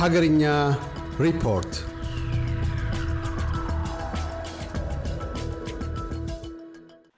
ሀገርኛ ሪፖርት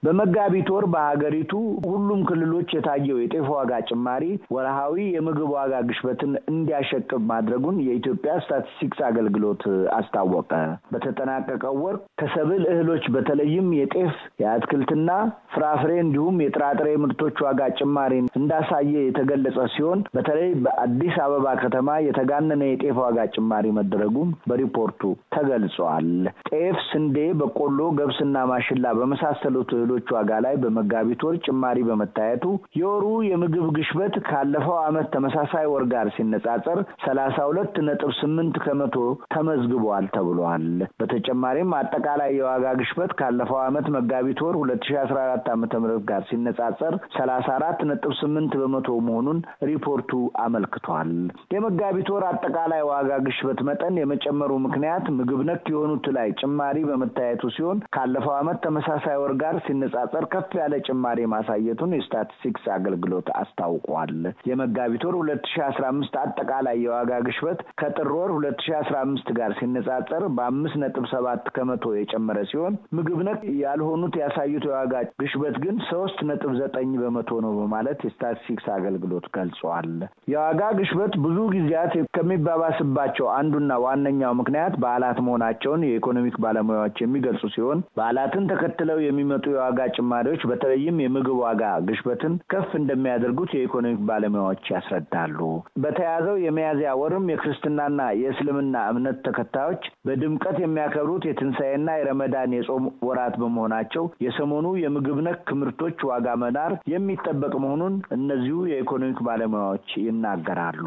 በመጋቢት ወር በሀገሪቱ ሁሉም ክልሎች የታየው የጤፍ ዋጋ ጭማሪ ወርሃዊ የምግብ ዋጋ ግሽበትን እንዲያሸቅብ ማድረጉን የኢትዮጵያ ስታቲስቲክስ አገልግሎት አስታወቀ። በተጠናቀቀው ወር ከሰብል እህሎች በተለይም የጤፍ፣ የአትክልትና ፍራፍሬ እንዲሁም የጥራጥሬ ምርቶች ዋጋ ጭማሪን እንዳሳየ የተገለጸ ሲሆን በተለይ በአዲስ አበባ ከተማ የተጋነነ የጤፍ ዋጋ ጭማሪ መደረጉም በሪፖርቱ ተገልጿል። ጤፍ፣ ስንዴ፣ በቆሎ፣ ገብስና ማሽላ በመሳሰሉት እህሎች ነጋዴዎች ዋጋ ላይ በመጋቢት ወር ጭማሪ በመታየቱ የወሩ የምግብ ግሽበት ካለፈው ዓመት ተመሳሳይ ወር ጋር ሲነጻጸር ሰላሳ ሁለት ነጥብ ስምንት ከመቶ ተመዝግቧል ተብሏል። በተጨማሪም አጠቃላይ የዋጋ ግሽበት ካለፈው ዓመት መጋቢት ወር ሁለት ሺ አስራ አራት ዓመተ ምህረት ጋር ሲነጻጸር ሰላሳ አራት ነጥብ ስምንት በመቶ መሆኑን ሪፖርቱ አመልክቷል። የመጋቢት ወር አጠቃላይ ዋጋ ግሽበት መጠን የመጨመሩ ምክንያት ምግብ ነክ የሆኑት ላይ ጭማሪ በመታየቱ ሲሆን ካለፈው ዓመት ተመሳሳይ ወር ጋር ሲነጻጸር ከፍ ያለ ጭማሪ ማሳየቱን የስታቲስቲክስ አገልግሎት አስታውቋል። የመጋቢት ወር ሁለት ሺ አስራ አምስት አጠቃላይ የዋጋ ግሽበት ከጥር ወር ሁለት ሺ አስራ አምስት ጋር ሲነጻጸር በአምስት ነጥብ ሰባት ከመቶ የጨመረ ሲሆን ምግብ ነክ ያልሆኑት ያሳዩት የዋጋ ግሽበት ግን ሶስት ነጥብ ዘጠኝ በመቶ ነው በማለት የስታቲስቲክስ አገልግሎት ገልጿል። የዋጋ ግሽበት ብዙ ጊዜያት ከሚባባስባቸው አንዱና ዋነኛው ምክንያት በዓላት መሆናቸውን የኢኮኖሚክ ባለሙያዎች የሚገልጹ ሲሆን በዓላትን ተከትለው የሚመጡ የዋ የዋጋ ጭማሪዎች በተለይም የምግብ ዋጋ ግሽበትን ከፍ እንደሚያደርጉት የኢኮኖሚክ ባለሙያዎች ያስረዳሉ። በተያዘው የሚያዝያ ወርም የክርስትናና የእስልምና እምነት ተከታዮች በድምቀት የሚያከብሩት የትንሣኤና የረመዳን የጾም ወራት በመሆናቸው የሰሞኑ የምግብ ነክ ምርቶች ዋጋ መናር የሚጠበቅ መሆኑን እነዚሁ የኢኮኖሚክ ባለሙያዎች ይናገራሉ።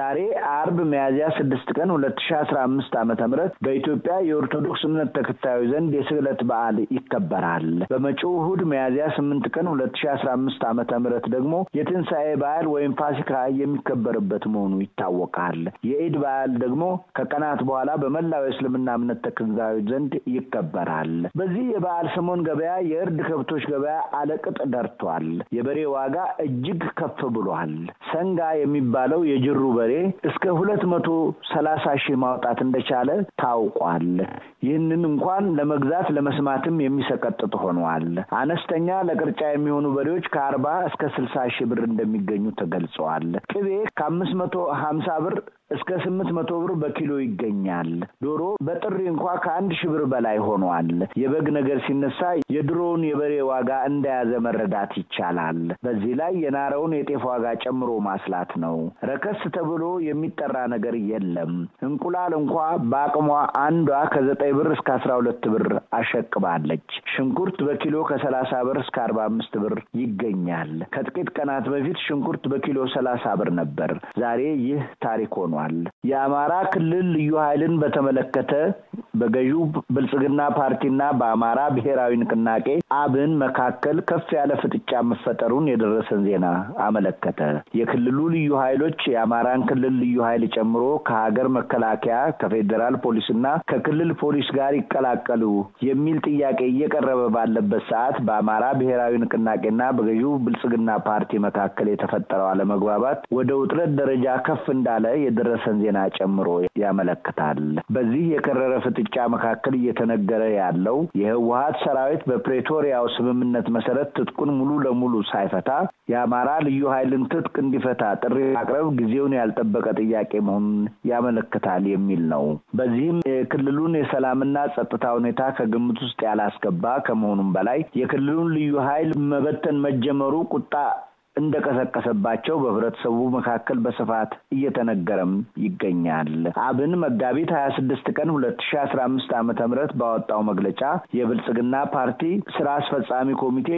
ዛሬ አርብ ሚያዝያ ስድስት ቀን ሁለት ሺ አስራ አምስት ዓመተ ምህረት በኢትዮጵያ የኦርቶዶክስ እምነት ተከታዮች ዘንድ የስዕለት በዓል ይከበራል። በመጪ በመጪው እሁድ ሚያዝያ ስምንት ቀን ሁለት ሺ አስራ አምስት ዓመተ ምህረት ደግሞ የትንሣኤ በዓል ወይም ፋሲካ የሚከበርበት መሆኑ ይታወቃል። የኢድ በዓል ደግሞ ከቀናት በኋላ በመላው የእስልምና እምነት ተከታዮች ዘንድ ይከበራል። በዚህ የበዓል ሰሞን ገበያ የእርድ ከብቶች ገበያ አለቅጥ ደርቷል። የበሬ ዋጋ እጅግ ከፍ ብሏል። ሰንጋ የሚባለው የጅሩ በሬ እስከ ሁለት መቶ ሰላሳ ሺህ ማውጣት እንደቻለ ታውቋል። ይህንን እንኳን ለመግዛት ለመስማትም የሚሰቀጥጥ ሆኗል። አለ። አነስተኛ ለቅርጫ የሚሆኑ በሬዎች ከአርባ እስከ ስልሳ ሺህ ብር እንደሚገኙ ተገልጸዋል። ቅቤ ከአምስት መቶ ሀምሳ ብር እስከ ስምንት መቶ ብር በኪሎ ይገኛል። ዶሮ በጥሪ እንኳ ከአንድ ሺህ ብር በላይ ሆኗል። የበግ ነገር ሲነሳ የድሮውን የበሬ ዋጋ እንደያዘ መረዳት ይቻላል። በዚህ ላይ የናረውን የጤፍ ዋጋ ጨምሮ ማስላት ነው። ረከስ ተብሎ የሚጠራ ነገር የለም። እንቁላል እንኳ በአቅሟ አንዷ ከዘጠኝ ብር እስከ አስራ ሁለት ብር አሸቅባለች። ሽንኩርት በኪሎ ከሰላሳ ብር እስከ አርባ አምስት ብር ይገኛል። ከጥቂት ቀናት በፊት ሽንኩርት በኪሎ ሰላሳ ብር ነበር። ዛሬ ይህ ታሪክ ሆኗል። ተጠቅሰዋል። የአማራ ክልል ልዩ ኃይልን በተመለከተ በገዢው ብልጽግና ፓርቲና በአማራ ብሔራዊ ንቅናቄ አብን መካከል ከፍ ያለ ፍጥጫ መፈጠሩን የደረሰን ዜና አመለከተ። የክልሉ ልዩ ኃይሎች የአማራን ክልል ልዩ ኃይል ጨምሮ ከሀገር መከላከያ ከፌዴራል ፖሊስና ከክልል ፖሊስ ጋር ይቀላቀሉ የሚል ጥያቄ እየቀረበ ባለበት ሰዓት በአማራ ብሔራዊ ንቅናቄና በገዢው ብልጽግና ፓርቲ መካከል የተፈጠረው አለመግባባት ወደ ውጥረት ደረጃ ከፍ እንዳለ የደረሰን ዜና ጨምሮ ያመለክታል። በዚህ የከረረ ፍጥ ፍጥጫ መካከል እየተነገረ ያለው የህወሀት ሰራዊት በፕሬቶሪያው ስምምነት መሰረት ትጥቁን ሙሉ ለሙሉ ሳይፈታ የአማራ ልዩ ኃይልን ትጥቅ እንዲፈታ ጥሪ ማቅረብ ጊዜውን ያልጠበቀ ጥያቄ መሆኑን ያመለክታል የሚል ነው። በዚህም የክልሉን የሰላምና ጸጥታ ሁኔታ ከግምት ውስጥ ያላስገባ ከመሆኑም በላይ የክልሉን ልዩ ኃይል መበተን መጀመሩ ቁጣ እንደቀሰቀሰባቸው በህብረተሰቡ መካከል በስፋት እየተነገረም ይገኛል። አብን መጋቢት ሀያ ስድስት ቀን ሁለት ሺ አስራ አምስት ዓመተ ምህረት ባወጣው መግለጫ የብልጽግና ፓርቲ ስራ አስፈጻሚ ኮሚቴ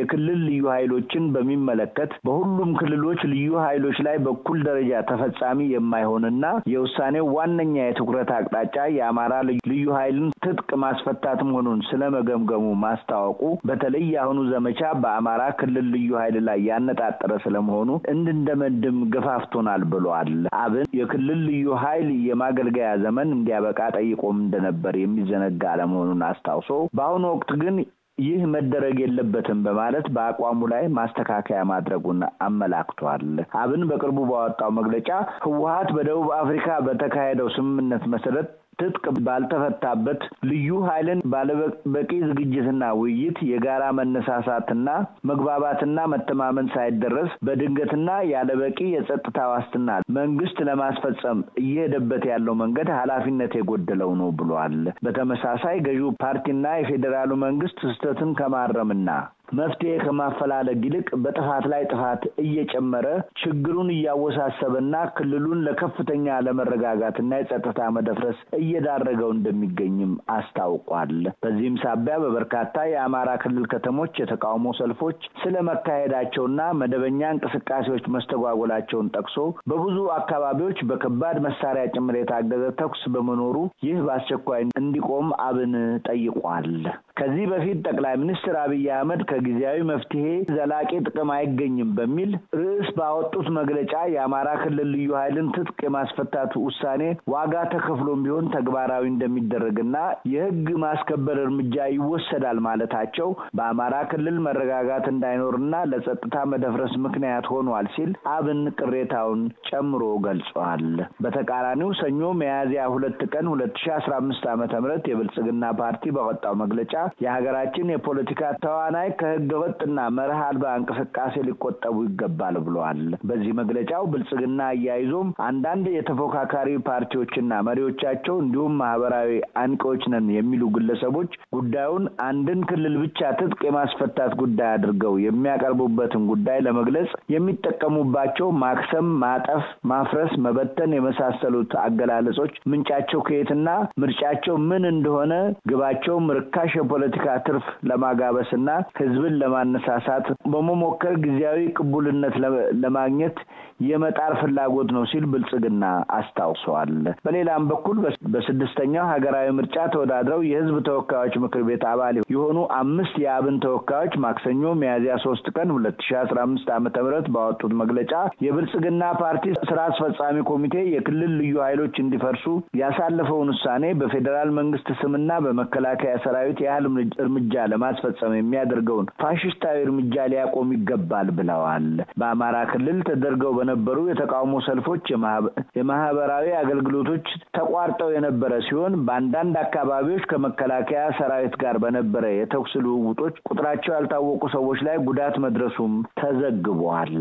የክልል ልዩ ኃይሎችን በሚመለከት በሁሉም ክልሎች ልዩ ኃይሎች ላይ በኩል ደረጃ ተፈጻሚ የማይሆንና የውሳኔው ዋነኛ የትኩረት አቅጣጫ የአማራ ልዩ ኃይልን ትጥቅ ማስፈታት መሆኑን ስለመገምገሙ ማስታወቁ በተለይ የአሁኑ ዘመቻ በአማራ ክልል ልዩ ኃይል ላይ ያነጣጠረ ስለመሆኑ እንድንደመድም ገፋፍቶናል ብሏል። አብን የክልል ልዩ ኃይል የማገልገያ ዘመን እንዲያበቃ ጠይቆም እንደነበር የሚዘነጋ አለመሆኑን አስታውሶ በአሁኑ ወቅት ግን ይህ መደረግ የለበትም በማለት በአቋሙ ላይ ማስተካከያ ማድረጉን አመላክቷል። አብን በቅርቡ ባወጣው መግለጫ ህወሀት በደቡብ አፍሪካ በተካሄደው ስምምነት መሰረት ትጥቅ ባልተፈታበት ልዩ ኃይልን ባለበቂ ዝግጅትና ውይይት የጋራ መነሳሳትና መግባባትና መተማመን ሳይደረስ በድንገትና ያለበቂ የጸጥታ ዋስትና መንግስት ለማስፈጸም እየሄደበት ያለው መንገድ ኃላፊነት የጎደለው ነው ብሏል። በተመሳሳይ ገዢው ፓርቲና የፌዴራሉ መንግስት ስህተትን ከማረምና መፍትሄ ከማፈላለግ ይልቅ በጥፋት ላይ ጥፋት እየጨመረ ችግሩን እያወሳሰበና ክልሉን ለከፍተኛ ለመረጋጋትና የጸጥታ መደፍረስ እየዳረገው እንደሚገኝም አስታውቋል። በዚህም ሳቢያ በበርካታ የአማራ ክልል ከተሞች የተቃውሞ ሰልፎች ስለመካሄዳቸውና መደበኛ እንቅስቃሴዎች መስተጓጎላቸውን ጠቅሶ በብዙ አካባቢዎች በከባድ መሳሪያ ጭምር የታገዘ ተኩስ በመኖሩ ይህ በአስቸኳይ እንዲቆም አብን ጠይቋል። ከዚህ በፊት ጠቅላይ ሚኒስትር አብይ አህመድ ከጊዜያዊ መፍትሄ ዘላቂ ጥቅም አይገኝም በሚል ርዕስ ባወጡት መግለጫ የአማራ ክልል ልዩ ኃይልን ትጥቅ የማስፈታቱ ውሳኔ ዋጋ ተከፍሎም ቢሆን ተግባራዊ እንደሚደረግና የሕግ ማስከበር እርምጃ ይወሰዳል ማለታቸው በአማራ ክልል መረጋጋት እንዳይኖርና ለጸጥታ መደፍረስ ምክንያት ሆኗል ሲል አብን ቅሬታውን ጨምሮ ገልጿል። በተቃራኒው ሰኞ ሚያዝያ ሁለት ቀን ሁለት ሺ አስራ አምስት ዓመተ ምህረት የብልጽግና ፓርቲ ባወጣው መግለጫ የሀገራችን የፖለቲካ ተዋናይ ከህገ ወጥና መርህ አልባ እንቅስቃሴ ሊቆጠቡ ይገባል ብለዋል። በዚህ መግለጫው ብልጽግና አያይዞም አንዳንድ የተፎካካሪ ፓርቲዎችና መሪዎቻቸው እንዲሁም ማህበራዊ አንቂዎች ነን የሚሉ ግለሰቦች ጉዳዩን አንድን ክልል ብቻ ትጥቅ የማስፈታት ጉዳይ አድርገው የሚያቀርቡበትን ጉዳይ ለመግለጽ የሚጠቀሙባቸው ማክሰም፣ ማጠፍ፣ ማፍረስ፣ መበተን የመሳሰሉት አገላለጾች ምንጫቸው ከየትና ምርጫቸው ምን እንደሆነ ግባቸውም ርካሽ የፖለቲካ ትርፍ ለማጋበስና ህዝብን ለማነሳሳት በመሞከር ጊዜያዊ ቅቡልነት ለማግኘት የመጣር ፍላጎት ነው ሲል ብልጽግና አስታውሰዋል። በሌላም በኩል በስድስተኛው ሀገራዊ ምርጫ ተወዳድረው የህዝብ ተወካዮች ምክር ቤት አባል የሆኑ አምስት የአብን ተወካዮች ማክሰኞ ሚያዝያ ሶስት ቀን ሁለት ሺ አስራ አምስት ዓመተ ምህረት ባወጡት መግለጫ የብልጽግና ፓርቲ ስራ አስፈጻሚ ኮሚቴ የክልል ልዩ ኃይሎች እንዲፈርሱ ያሳለፈውን ውሳኔ በፌዴራል መንግስት ስምና በመከላከያ ሰራዊት ያህል እርምጃ ለማስፈጸም የሚያደርገውን ፋሽስታዊ እርምጃ ሊያቆም ይገባል ብለዋል። በአማራ ክልል ተደርገው በነ የነበሩ የተቃውሞ ሰልፎች የማህበራዊ አገልግሎቶች ተቋርጠው የነበረ ሲሆን በአንዳንድ አካባቢዎች ከመከላከያ ሰራዊት ጋር በነበረ የተኩስ ልውውጦች ቁጥራቸው ያልታወቁ ሰዎች ላይ ጉዳት መድረሱም ተዘግቧል።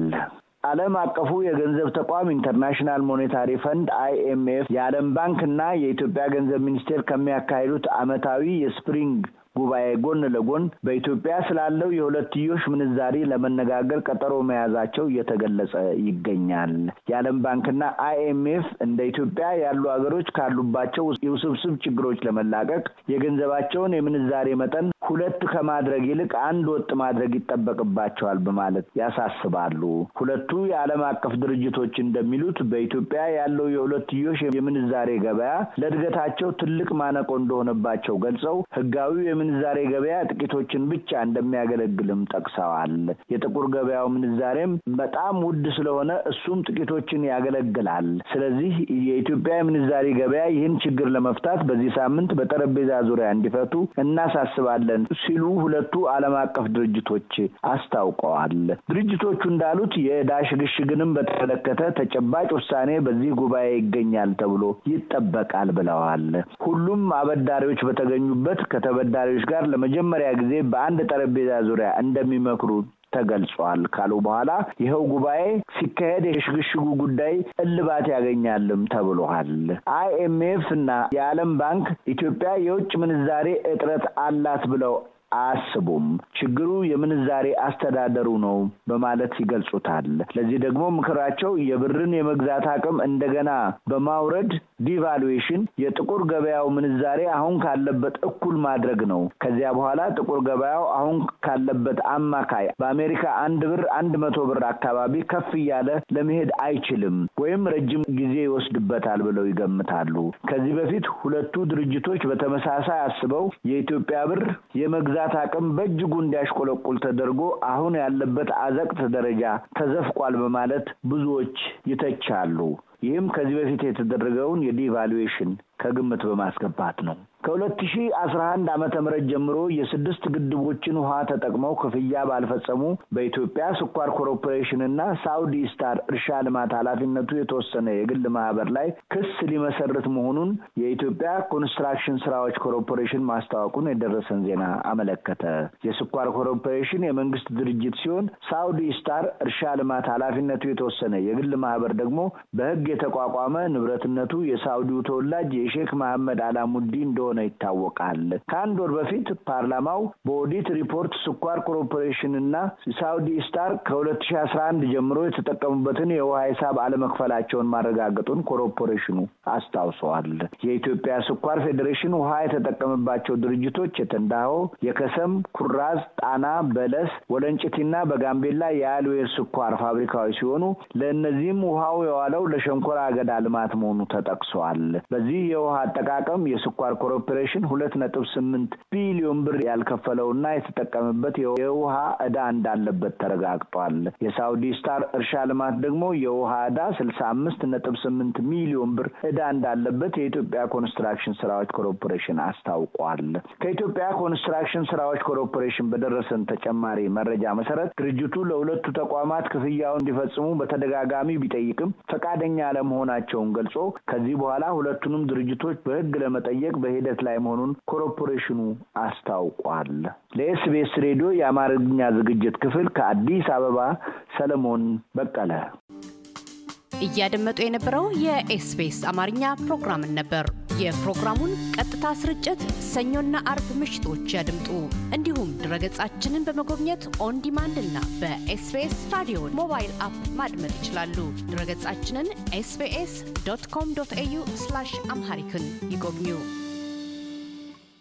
ዓለም አቀፉ የገንዘብ ተቋም ኢንተርናሽናል ሞኔታሪ ፈንድ አይኤምኤፍ፣ የዓለም ባንክ እና የኢትዮጵያ ገንዘብ ሚኒስቴር ከሚያካሂዱት ዓመታዊ የስፕሪንግ ጉባኤ ጎን ለጎን በኢትዮጵያ ስላለው የሁለትዮሽ ምንዛሪ ለመነጋገር ቀጠሮ መያዛቸው እየተገለጸ ይገኛል። የዓለም ባንክና አይኤምኤፍ እንደ ኢትዮጵያ ያሉ ሀገሮች ካሉባቸው የውስብስብ ችግሮች ለመላቀቅ የገንዘባቸውን የምንዛሬ መጠን ሁለት ከማድረግ ይልቅ አንድ ወጥ ማድረግ ይጠበቅባቸዋል በማለት ያሳስባሉ። ሁለቱ የዓለም አቀፍ ድርጅቶች እንደሚሉት በኢትዮጵያ ያለው የሁለትዮሽ የምንዛሬ ገበያ ለእድገታቸው ትልቅ ማነቆ እንደሆነባቸው ገልጸው ህጋዊው የምንዛሬ ገበያ ጥቂቶችን ብቻ እንደሚያገለግልም ጠቅሰዋል። የጥቁር ገበያው ምንዛሬም በጣም ውድ ስለሆነ እሱም ጥቂቶችን ያገለግላል። ስለዚህ የኢትዮጵያ የምንዛሬ ገበያ ይህን ችግር ለመፍታት በዚህ ሳምንት በጠረጴዛ ዙሪያ እንዲፈቱ እናሳስባለን እንችላለን ሲሉ ሁለቱ ዓለም አቀፍ ድርጅቶች አስታውቀዋል። ድርጅቶቹ እንዳሉት የዕዳ ሽግሽግንም በተመለከተ ተጨባጭ ውሳኔ በዚህ ጉባኤ ይገኛል ተብሎ ይጠበቃል ብለዋል። ሁሉም አበዳሪዎች በተገኙበት ከተበዳሪዎች ጋር ለመጀመሪያ ጊዜ በአንድ ጠረጴዛ ዙሪያ እንደሚመክሩ ተገልጿል ካሉ በኋላ ይኸው ጉባኤ ሲካሄድ የሽግሽጉ ጉዳይ እልባት ያገኛልም ተብሏል። አይኤምኤፍ እና የዓለም ባንክ ኢትዮጵያ የውጭ ምንዛሬ እጥረት አላት ብለው አያስቡም። ችግሩ የምንዛሬ አስተዳደሩ ነው በማለት ይገልጹታል። ለዚህ ደግሞ ምክራቸው የብርን የመግዛት አቅም እንደገና በማውረድ ዲቫሉዌሽን የጥቁር ገበያው ምንዛሬ አሁን ካለበት እኩል ማድረግ ነው። ከዚያ በኋላ ጥቁር ገበያው አሁን ካለበት አማካይ በአሜሪካ አንድ ብር አንድ መቶ ብር አካባቢ ከፍ እያለ ለመሄድ አይችልም ወይም ረጅም ጊዜ ይወስድበታል ብለው ይገምታሉ። ከዚህ በፊት ሁለቱ ድርጅቶች በተመሳሳይ አስበው የኢትዮጵያ ብር የመግዛት የመዋጋት አቅም በእጅጉ እንዲያሽቆለቁል ተደርጎ አሁን ያለበት አዘቅት ደረጃ ተዘፍቋል በማለት ብዙዎች ይተቻሉ። ይህም ከዚህ በፊት የተደረገውን የዲቫሉዌሽን ከግምት በማስገባት ነው። ከ2011 አመተ ምህረት ጀምሮ የስድስት ግድቦችን ውሃ ተጠቅመው ክፍያ ባልፈጸሙ በኢትዮጵያ ስኳር ኮርፖሬሽንና ሳውዲ ስታር እርሻ ልማት ኃላፊነቱ የተወሰነ የግል ማህበር ላይ ክስ ሊመሰርት መሆኑን የኢትዮጵያ ኮንስትራክሽን ስራዎች ኮርፖሬሽን ማስታወቁን የደረሰን ዜና አመለከተ። የስኳር ኮርፖሬሽን የመንግስት ድርጅት ሲሆን ሳውዲ ስታር እርሻ ልማት ኃላፊነቱ የተወሰነ የግል ማህበር ደግሞ በህግ የተቋቋመ ንብረትነቱ የሳውዲው ተወላጅ የሼክ መሐመድ አላሙዲ እንደሆነ እንደሆነ ይታወቃል። ከአንድ ወር በፊት ፓርላማው በኦዲት ሪፖርት ስኳር ኮርፖሬሽንና ሳውዲ ስታር አስራ 2011 ጀምሮ የተጠቀሙበትን የውሃ ሂሳብ አለመክፈላቸውን ማረጋገጡን ኮርፖሬሽኑ አስታውሰዋል። የኢትዮጵያ ስኳር ፌዴሬሽን ውሃ የተጠቀመባቸው ድርጅቶች የተንዳሆ፣ የከሰም፣ ኩራዝ፣ ጣና፣ በለስ፣ ወለንጭቲና በጋምቤላ የአልዌር ስኳር ፋብሪካዎች ሲሆኑ ለእነዚህም ውሃው የዋለው ለሸንኮራ አገዳ ልማት መሆኑ ተጠቅሷል። በዚህ የውሃ አጠቃቀም የስኳር ኮ ኮርፖሬሽን ሁለት ነጥብ ስምንት ቢሊዮን ብር ያልከፈለውና የተጠቀመበት የውሃ እዳ እንዳለበት ተረጋግጧል። የሳውዲ ስታር እርሻ ልማት ደግሞ የውሃ እዳ ስልሳ አምስት ነጥብ ስምንት ሚሊዮን ብር እዳ እንዳለበት የኢትዮጵያ ኮንስትራክሽን ስራዎች ኮርፖሬሽን አስታውቋል። ከኢትዮጵያ ኮንስትራክሽን ስራዎች ኮርፖሬሽን በደረሰን ተጨማሪ መረጃ መሰረት ድርጅቱ ለሁለቱ ተቋማት ክፍያው እንዲፈጽሙ በተደጋጋሚ ቢጠይቅም ፈቃደኛ አለመሆናቸውን ገልጾ ከዚህ በኋላ ሁለቱንም ድርጅቶች በሕግ ለመጠየቅ በሂደት ሂደት ላይ መሆኑን ኮርፖሬሽኑ አስታውቋል። ለኤስቢኤስ ሬዲዮ የአማርኛ ዝግጅት ክፍል ከአዲስ አበባ ሰለሞን በቀለ። እያደመጡ የነበረው የኤስቢኤስ አማርኛ ፕሮግራምን ነበር። የፕሮግራሙን ቀጥታ ስርጭት ሰኞና አርብ ምሽቶች ያድምጡ። እንዲሁም ድረገጻችንን በመጎብኘት ኦን ዲማንድ እና በኤስቤስ ራዲዮ ሞባይል አፕ ማድመጥ ይችላሉ። ድረገጻችንን ኤስቤስ ዶት ኮም ዶት ኤዩ አምሃሪክን ይጎብኙ።